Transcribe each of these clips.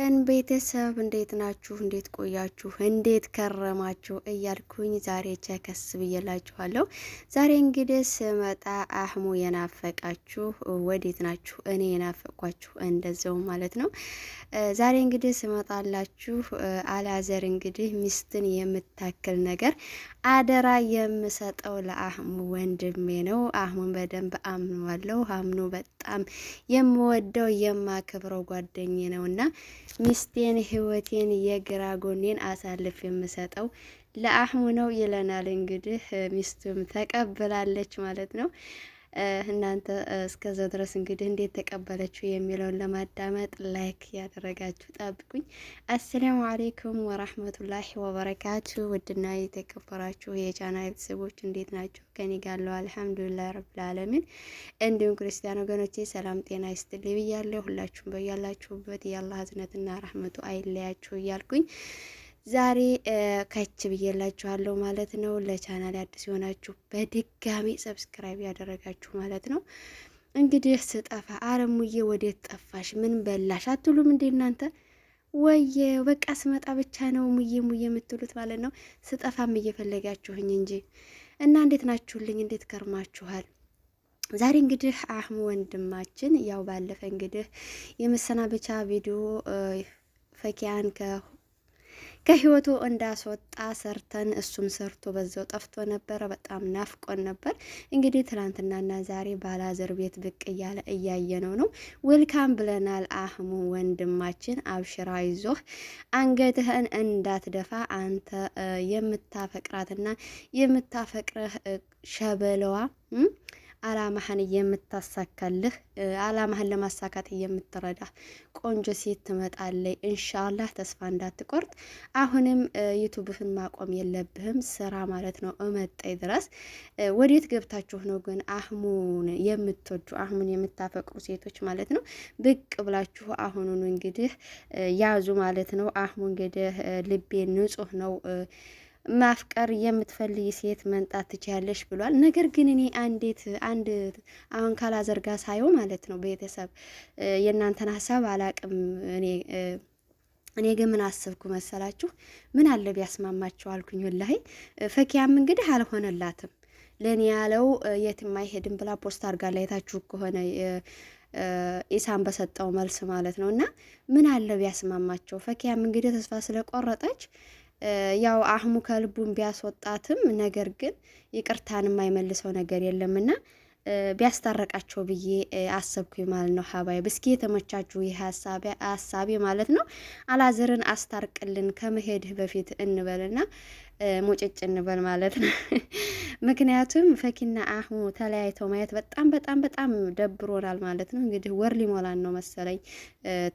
እን ቤተሰብ እንዴት ናችሁ? እንዴት ቆያችሁ? እንዴት ከረማችሁ? እያልኩኝ ዛሬ ቸከስ ብዬላችኋለሁ። ዛሬ እንግዲህ ስመጣ አህሙ የናፈቃችሁ ወዴት ናችሁ? እኔ የናፈቅኳችሁ እንደዚው ማለት ነው። ዛሬ እንግዲህ ስመጣላችሁ አላዘር እንግዲህ ሚስትን የምታክል ነገር አደራ የምሰጠው ለአህሙ ወንድሜ ነው። አህሙን በደንብ አምኗለሁ። አምኑ በጣም የምወደው የማከብረው ጓደኝ ነውና ሚስቴን፣ ህይወቴን፣ የግራ ጎኔን አሳልፍ የምሰጠው ለአህሙ ነው ይለናል። እንግዲህ ሚስቱም ተቀብላለች ማለት ነው። እናንተ እስከዛ ድረስ እንግዲህ እንዴት ተቀበለችው የሚለውን ለማዳመጥ ላይክ ያደረጋችሁ ጠብቁኝ። አሰላሙ አሌይኩም ወራህመቱላሂ ወበረካቱ። ውድና የተከበራችሁ የቻና ቤተሰቦች እንዴት ናቸው? ከኔ ጋለው አልሐምዱሊላህ ረብል ዓለሚን። እንዲሁም ክርስቲያን ወገኖቼ ሰላም ጤና ይስጥልኝ ብያለሁ። ሁላችሁም በያላችሁበት የአላህ ህዝነትና ረህመቱ አይለያችሁ እያልኩኝ ዛሬ ከች ብዬላችኋለሁ ማለት ነው። ለቻናል አዲስ የሆናችሁ በድጋሚ ሰብስክራይብ ያደረጋችሁ ማለት ነው። እንግዲህ ስጠፋ አረሙዬ ወዴት ጠፋሽ? ምን በላሽ አትሉም እንዴ እናንተ? ወየ በቃ ስመጣ ብቻ ነው ሙዬ ሙዬ የምትሉት ማለት ነው። ስጠፋም እየፈለጋችሁኝ እንጂ እና እንዴት ናችሁልኝ? እንዴት ከርማችኋል? ዛሬ እንግዲህ አህሙ ወንድማችን ያው ባለፈ እንግዲህ የመሰናበቻ ቪዲዮ ፈኪያን ከህይወቱ እንዳስወጣ ሰርተን እሱም ሰርቶ በዛው ጠፍቶ ነበረ። በጣም ናፍቆን ነበር። እንግዲህ ትናንትናና ዛሬ ባላዘር ቤት ብቅ እያለ እያየነው ነው። ዌልካም ብለናል። አህሙ ወንድማችን አብሽራ ይዞህ አንገትህን እንዳትደፋ አንተ የምታፈቅራትና የምታፈቅረህ ሸበለዋ አላማህን የምታሳካልህ አላማህን ለማሳካት የምትረዳ ቆንጆ ሴት ትመጣለች። እንሻላህ ተስፋ እንዳትቆርጥ። አሁንም ዩቱብህን ማቆም የለብህም ስራ ማለት ነው። እመጣይ ድረስ ወዴት ገብታችሁ ነው ግን አህሙን የምትወዱ አህሙን የምታፈቅሩ ሴቶች ማለት ነው። ብቅ ብላችሁ አሁኑን እንግዲህ ያዙ ማለት ነው። አህሙ እንግዲህ ልቤ ንጹህ ነው ማፍቀር የምትፈልጊ ሴት መንጣት ትችያለሽ ብሏል። ነገር ግን እኔ አንዴት አንድ አሁን ካላዘርጋ ሳየው ማለት ነው ቤተሰብ የእናንተን ሀሳብ አላቅም። እኔ እኔ ግን ምን አስብኩ መሰላችሁ? ምን አለ ቢያስማማችሁ አልኩኝ። ወላሂ ፈኪያም እንግዲህ አልሆነላትም። ለእኔ ያለው የትም አይሄድም ብላ ፖስት አድርጋ ላይታችሁ ከሆነ ኢሳን በሰጠው መልስ ማለት ነው። እና ምን አለ ቢያስማማቸው ፈኪያም እንግዲህ ተስፋ ስለቆረጠች ያው አህሙ ከልቡን ቢያስወጣትም ነገር ግን ይቅርታን የማይመልሰው ነገር የለምና ቢያስታረቃቸው ብዬ አሰብኩኝ ማለት ነው። ሀባይ እስኪ የተመቻችሁ ይህ ሀሳቤ ማለት ነው። አላዘርን አስታርቅልን ከመሄድህ በፊት እንበልና ሙጭጭ እንበል ማለት ነው። ምክንያቱም ፈኪና አህሙ ተለያይተው ማየት በጣም በጣም በጣም ደብሮናል ማለት ነው። እንግዲህ ወር ሊሞላን ነው መሰለኝ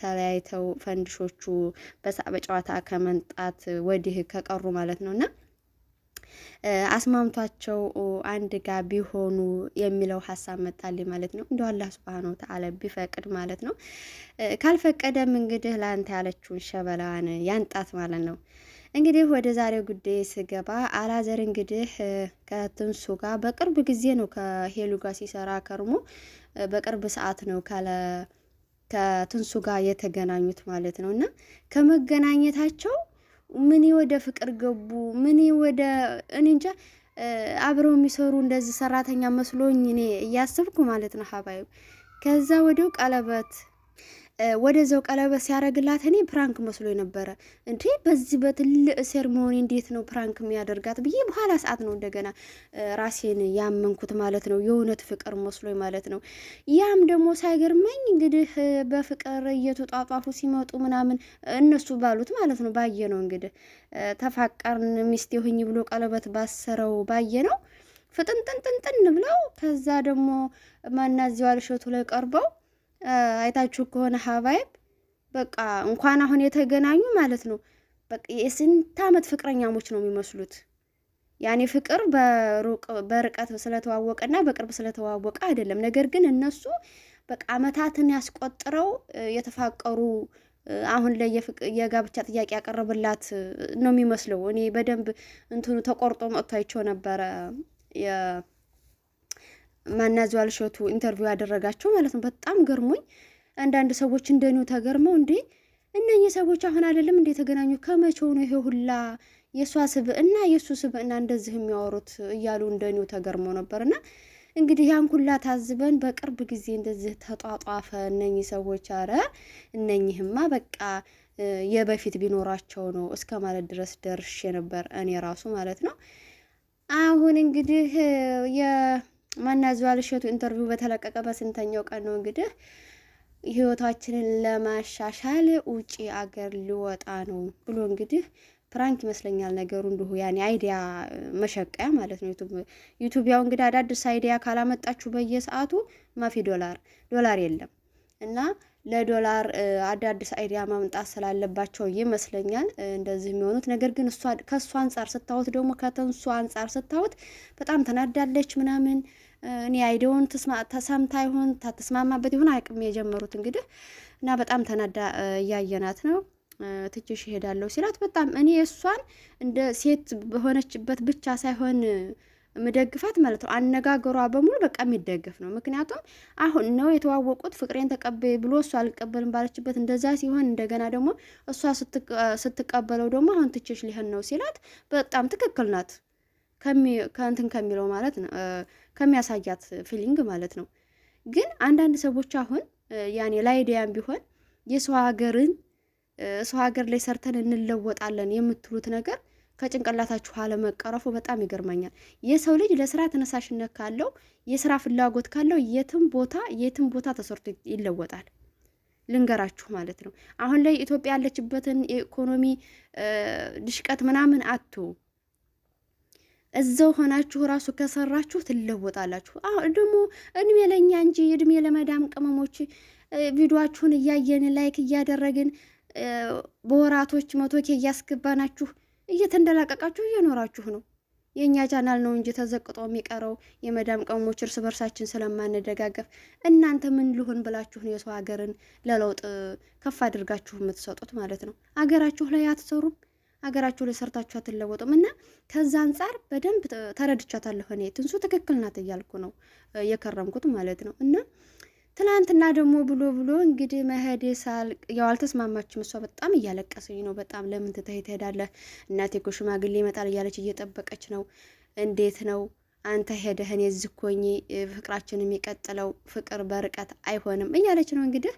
ተለያይተው ፈንድሾቹ በሳ በጨዋታ ከመንጣት ወዲህ ከቀሩ ማለት ነው እና አስማምቷቸው አንድ ጋር ቢሆኑ የሚለው ሀሳብ መጣልኝ ማለት ነው። እንዲሁ አላህ ሱብሃነሁ ወተዓላ ቢፈቅድ ማለት ነው። ካልፈቀደም እንግዲህ ለአንተ ያለችውን ሸበላዋን ያንጣት ማለት ነው። እንግዲህ ወደ ዛሬው ጉዳይ ስገባ አላዘር እንግዲህ ከትንሱ ጋር በቅርብ ጊዜ ነው ከሄሉ ጋር ሲሰራ ከርሞ በቅርብ ሰዓት ነው ካለ ከትንሱ ጋር የተገናኙት ማለት ነው። እና ከመገናኘታቸው ምን ወደ ፍቅር ገቡ፣ ምን ወደ እኔ እንጃ አብረው የሚሰሩ እንደዚህ ሰራተኛ መስሎኝ እኔ እያስብኩ ማለት ነው ሀባይ ከዛ ወዲው ቀለበት ወደዛው ቀለበት ሲያደርግላት እኔ ፕራንክ መስሎ ነበረ። እንዲ በዚህ በትልቅ ሴርሞኒ እንዴት ነው ፕራንክ የሚያደርጋት ብዬ በኋላ ሰዓት ነው እንደገና ራሴን ያመንኩት ማለት ነው። የእውነት ፍቅር መስሎ ማለት ነው። ያም ደግሞ ሳይገርመኝ እንግዲህ በፍቅር እየተጧጧፉ ሲመጡ ምናምን እነሱ ባሉት ማለት ነው። ባየ ነው እንግዲህ ተፋቀርን ሚስት ሆኝ ብሎ ቀለበት ባሰረው ባየ ነው ፍጥንጥንጥንጥን ብለው ከዛ ደግሞ ማናዚዋል ሸቱ ላይ ቀርበው አይታችሁ ከሆነ ሀባይብ በቃ እንኳን አሁን የተገናኙ ማለት ነው በቃ የስንት ዓመት ፍቅረኛሞች ነው የሚመስሉት። ያኔ ፍቅር በርቀት ስለተዋወቀ እና በቅርብ ስለተዋወቀ አይደለም። ነገር ግን እነሱ በቃ አመታትን ያስቆጥረው የተፋቀሩ አሁን ላይ የጋብቻ ጥያቄ ያቀረበላት ነው የሚመስለው። እኔ በደንብ እንትኑ ተቆርጦ መጥቶ አይቼው ነበረ። ማናዟል ሾቱ ኢንተርቪው ያደረጋቸው ማለት ነው። በጣም ገርሞኝ አንዳንድ ሰዎች እንደኔው ተገርመው እንዴ እነኚህ ሰዎች አሁን አይደለም እንደ የተገናኙ ከመቼው ነው ይሄ ሁላ የእሷ ስብዕና የእሱ ስብዕና እንደዚህ የሚያወሩት እያሉ እንደኔው ተገርመው ነበርና እንግዲህ ያን ሁላ ታዝበን በቅርብ ጊዜ እንደዚህ ተጧጧፈ። እነኚህ ሰዎች አረ እነኚህማ በቃ የበፊት ቢኖራቸው ነው እስከ ማለት ድረስ ደርሼ ነበር እኔ ራሱ ማለት ነው። አሁን እንግዲህ ማናዟል እሸቱ ኢንተርቪው በተለቀቀ በስንተኛው ቀን ነው እንግዲህ ህይወታችንን ለማሻሻል ውጪ አገር ሊወጣ ነው ብሎ እንግዲህ ፕራንክ ይመስለኛል ነገሩ እንዲሁ ያኔ አይዲያ መሸቀያ ማለት ነው። ዩቱብ ያው እንግዲህ አዳዲስ አይዲያ ካላመጣችሁ በየሰዓቱ ማፊ ዶላር ዶላር የለም እና ለዶላር አዳዲስ አይዲያ ማምጣት ስላለባቸው ይመስለኛል እንደዚህ የሚሆኑት። ነገር ግን ከእሱ አንጻር ስታወት ደግሞ ከተንሱ አንጻር ስታወት በጣም ተናዳለች ምናምን እኔ አይዲዮውን ተሰምታ ይሁን ታተስማማበት ይሁን አቅም የጀመሩት እንግዲህ እና በጣም ተናዳ እያየናት ነው። ትችሽ ይሄዳለሁ ሲላት በጣም እኔ እሷን እንደ ሴት በሆነችበት ብቻ ሳይሆን ምደግፋት ማለት ነው። አነጋገሯ በሙሉ በቃ የሚደገፍ ነው። ምክንያቱም አሁን ነው የተዋወቁት። ፍቅሬን ተቀበይ ብሎ እሷ አልቀበልም ባለችበት እንደዛ ሲሆን እንደገና ደግሞ እሷ ስትቀበለው ደግሞ አሁን ትችሽ ሊሆን ነው ሲላት በጣም ትክክል ናት ከእንትን ከሚለው ማለት ነው ከሚያሳያት ፊሊንግ ማለት ነው። ግን አንዳንድ ሰዎች አሁን ያኔ ላይዲያም ቢሆን የሰው ሀገርን ሰው ሀገር ላይ ሰርተን እንለወጣለን የምትሉት ነገር ከጭንቅላታችሁ አለመቀረፉ በጣም ይገርመኛል። የሰው ልጅ ለስራ ተነሳሽነት ካለው የስራ ፍላጎት ካለው የትም ቦታ የትም ቦታ ተሰርቶ ይለወጣል። ልንገራችሁ ማለት ነው። አሁን ላይ ኢትዮጵያ ያለችበትን የኢኮኖሚ ድሽቀት ምናምን አቶ? እዛው ሆናችሁ ራሱ ከሰራችሁ ትለወጣላችሁ። ደግሞ እድሜ ለእኛ እንጂ እድሜ ለመዳም ቅመሞች ቪዲዮችሁን እያየን ላይክ እያደረግን በወራቶች መቶ ኬ እያስገባናችሁ እየተንደላቀቃችሁ እየኖራችሁ ነው። የእኛ ቻናል ነው እንጂ ተዘቅጦ የሚቀረው የመዳም ቅመሞች እርስ በርሳችን ስለማንደጋገፍ። እናንተ ምን ልሆን ብላችሁ ነው የሰው ሀገርን ለለውጥ ከፍ አድርጋችሁ የምትሰጡት ማለት ነው? አገራችሁ ላይ አትሰሩም? አገራችሁ ላይ ሰርታችሁ አትለወጡም። እና ከዛ አንጻር በደንብ ተረድቻታለሁ። እኔ ትንሱ ትክክል ናት እያልኩ ነው የከረምኩት ማለት ነው እና ትላንትና ደግሞ ብሎ ብሎ እንግዲህ መሄድ ሳል ያው አልተስማማችም። እሷ በጣም እያለቀሰኝ ነው። በጣም ለምን ትተህ ትሄዳለህ? እናቴ እኮ ሽማግሌ ይመጣል እያለች እየጠበቀች ነው። እንዴት ነው አንተ ሄደህ እኔ እዚህ ፍቅራችን የሚቀጥለው ፍቅር በርቀት አይሆንም እያለች ነው እንግዲህ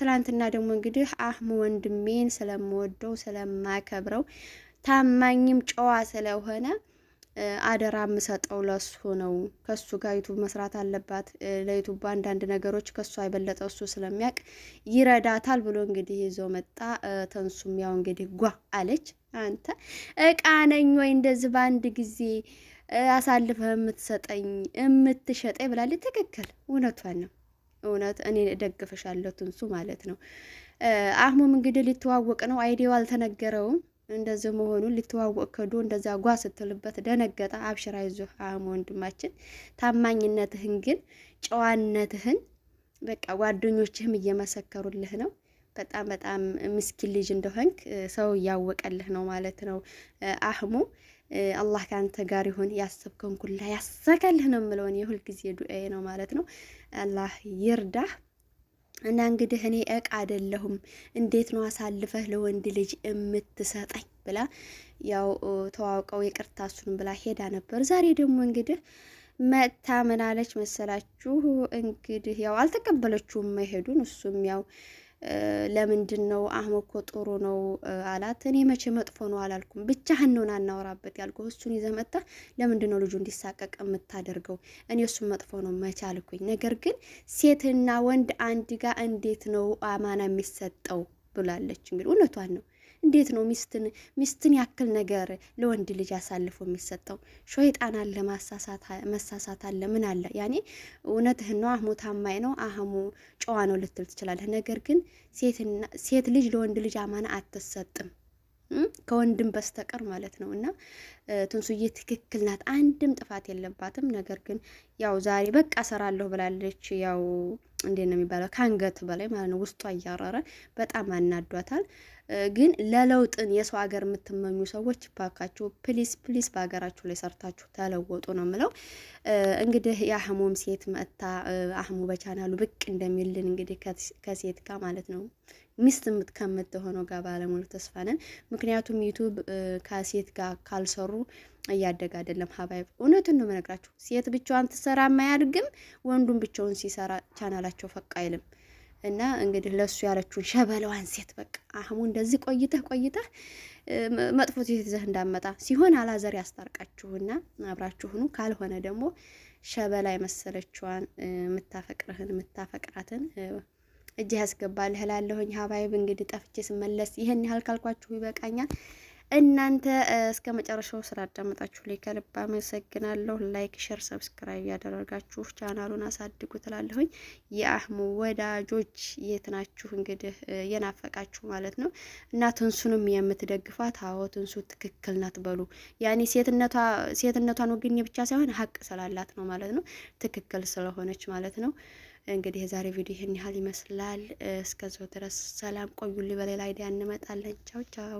ትላንትና ደግሞ እንግዲህ አህሙ ወንድሜን ስለምወደው ስለማከብረው ታማኝም ጨዋ ስለሆነ አደራ የምሰጠው ለሱ ነው። ከሱ ጋር ዩቱብ መስራት አለባት። ለዩቱብ አንዳንድ ነገሮች ከሱ አይበለጠ እሱ ስለሚያውቅ ይረዳታል ብሎ እንግዲህ ይዞ መጣ። ተንሱም ያው እንግዲህ ጓ አለች። አንተ እቃ ነኝ ወይ እንደዚህ በአንድ ጊዜ አሳልፈህ የምትሰጠኝ የምትሸጠኝ ብላለች። ትክክል እውነቷን ነው። እውነት እኔ እደግፍሻለሁ ትንሱ ማለት ነው። አህሙም እንግዲህ ሊተዋወቅ ነው። አይዲያው አልተነገረውም እንደዚህ መሆኑን ሊተዋወቅ ከዶ እንደዛ ጓ ስትልበት ደነገጠ። አብሽራ ይዞ አህሙ ወንድማችን፣ ታማኝነትህን ግን ጨዋነትህን በቃ ጓደኞችህም እየመሰከሩልህ ነው። በጣም በጣም ምስኪን ልጅ እንደሆንክ ሰው እያወቀልህ ነው ማለት ነው አህሙ። አላህ ከአንተ ጋር ይሁን። ያሰብከውን ኩላ ያሳካልህ ነው የምለውን የሁልጊዜ ዱኤ ነው ማለት ነው። አላህ ይርዳህ። እና እንግዲህ እኔ እቃ አይደለሁም እንዴት ነው አሳልፈህ ለወንድ ልጅ የምትሰጠኝ ብላ ያው ተዋውቀው ይቅርታ እሱን ብላ ሄዳ ነበር። ዛሬ ደግሞ እንግዲህ መታ ምን አለች መሰላችሁ? እንግዲህ ያው አልተቀበለችውም መሄዱን እሱም ያው ለምንድን ነው አህሙ እኮ ጥሩ ነው አላት። እኔ መቼ መጥፎ ነው አላልኩም፣ ብቻህን ነውን አናወራበት ያልኩ እሱን ይዘህ መጥተህ ለምንድን ነው ልጁ እንዲሳቀቅ የምታደርገው? እኔ እሱን መጥፎ ነው መቼ አልኩኝ። ነገር ግን ሴትና ወንድ አንድ ጋር እንዴት ነው አማና የሚሰጠው ብላለች። እንግዲህ እውነቷን ነው። እንዴት ነው ሚስትን ሚስትን ያክል ነገር ለወንድ ልጅ አሳልፎ የሚሰጠው? ሸይጣን አለ፣ መሳሳት አለ፣ ምን አለ? ያኔ እውነትህን ነው አህሙ ታማኝ ነው አህሙ ጨዋ ነው ልትል ትችላለህ። ነገር ግን ሴት ልጅ ለወንድ ልጅ አማና አትሰጥም ከወንድም በስተቀር ማለት ነው። እና ትንሱዬ ትክክል ናት፣ አንድም ጥፋት የለባትም። ነገር ግን ያው ዛሬ በቃ እሰራለሁ ብላለች ያው እንዴት ነው የሚባለው? ከአንገት በላይ ማለት ነው። ውስጧ እያረረ በጣም አናዷታል። ግን ለለውጥን የሰው ሀገር የምትመኙ ሰዎች ባካችሁ ፕሊስ ፕሊስ በሀገራችሁ ላይ ሰርታችሁ ተለወጡ ነው የምለው። እንግዲህ የአህሙም ሴት መጥታ አህሙ በቻናሉ ብቅ እንደሚልን እንግዲህ ከሴት ጋር ማለት ነው ሚስት የምትከምት ሆኖ ጋር ባለሙሉ ተስፋ ነን። ምክንያቱም ዩቱብ ከሴት ጋር ካልሰሩ እያደገ አይደለም። ሀባይ እውነትን ነው የምነግራችሁ። ሴት ብቻዋን ትሰራ አያድግም። ወንዱም ብቻውን ሲሰራ ቻናላቸው ፈቅ አይልም። እና እንግዲህ ለእሱ ያለችውን ሸበለዋን ሴት በቃ አህሙ እንደዚህ ቆይተህ ቆይተህ መጥፎ ሴት ይዘህ እንዳመጣ ሲሆን አላዘር ያስታርቃችሁና አብራችሁኑ ካልሆነ ደግሞ ሸበላ የመሰለችዋን የምታፈቅርህን የምታፈቅራትን እጅ ያስገባል እላለሁኝ። ሀባይብ እንግዲህ ጠፍቼ ስመለስ ይህን ያህል ካልኳችሁ ይበቃኛል። እናንተ እስከ መጨረሻው አዳመጣችሁ ላይ ከልብ አመሰግናለሁ። ላይክ፣ ሸር፣ ሰብስክራይብ ያደረጋችሁ ቻናሉን አሳድጉ ትላለሁኝ። የአህሙ ወዳጆች የት ናችሁ? እንግዲህ የናፈቃችሁ ማለት ነው እና ትንሱንም የምትደግፏት አዎ ትንሱ ትክክል ናት በሉ። ያኔ ሴትነቷን ወግኜ ብቻ ሳይሆን ሀቅ ስላላት ነው ማለት ነው። ትክክል ስለሆነች ማለት ነው። እንግዲህ የዛሬ ቪዲዮ ይህን ያህል ይመስላል። እስከዛው ድረስ ሰላም ቆዩልኝ። በሌላ አይዲያ እንመጣለን። ቻው ቻው።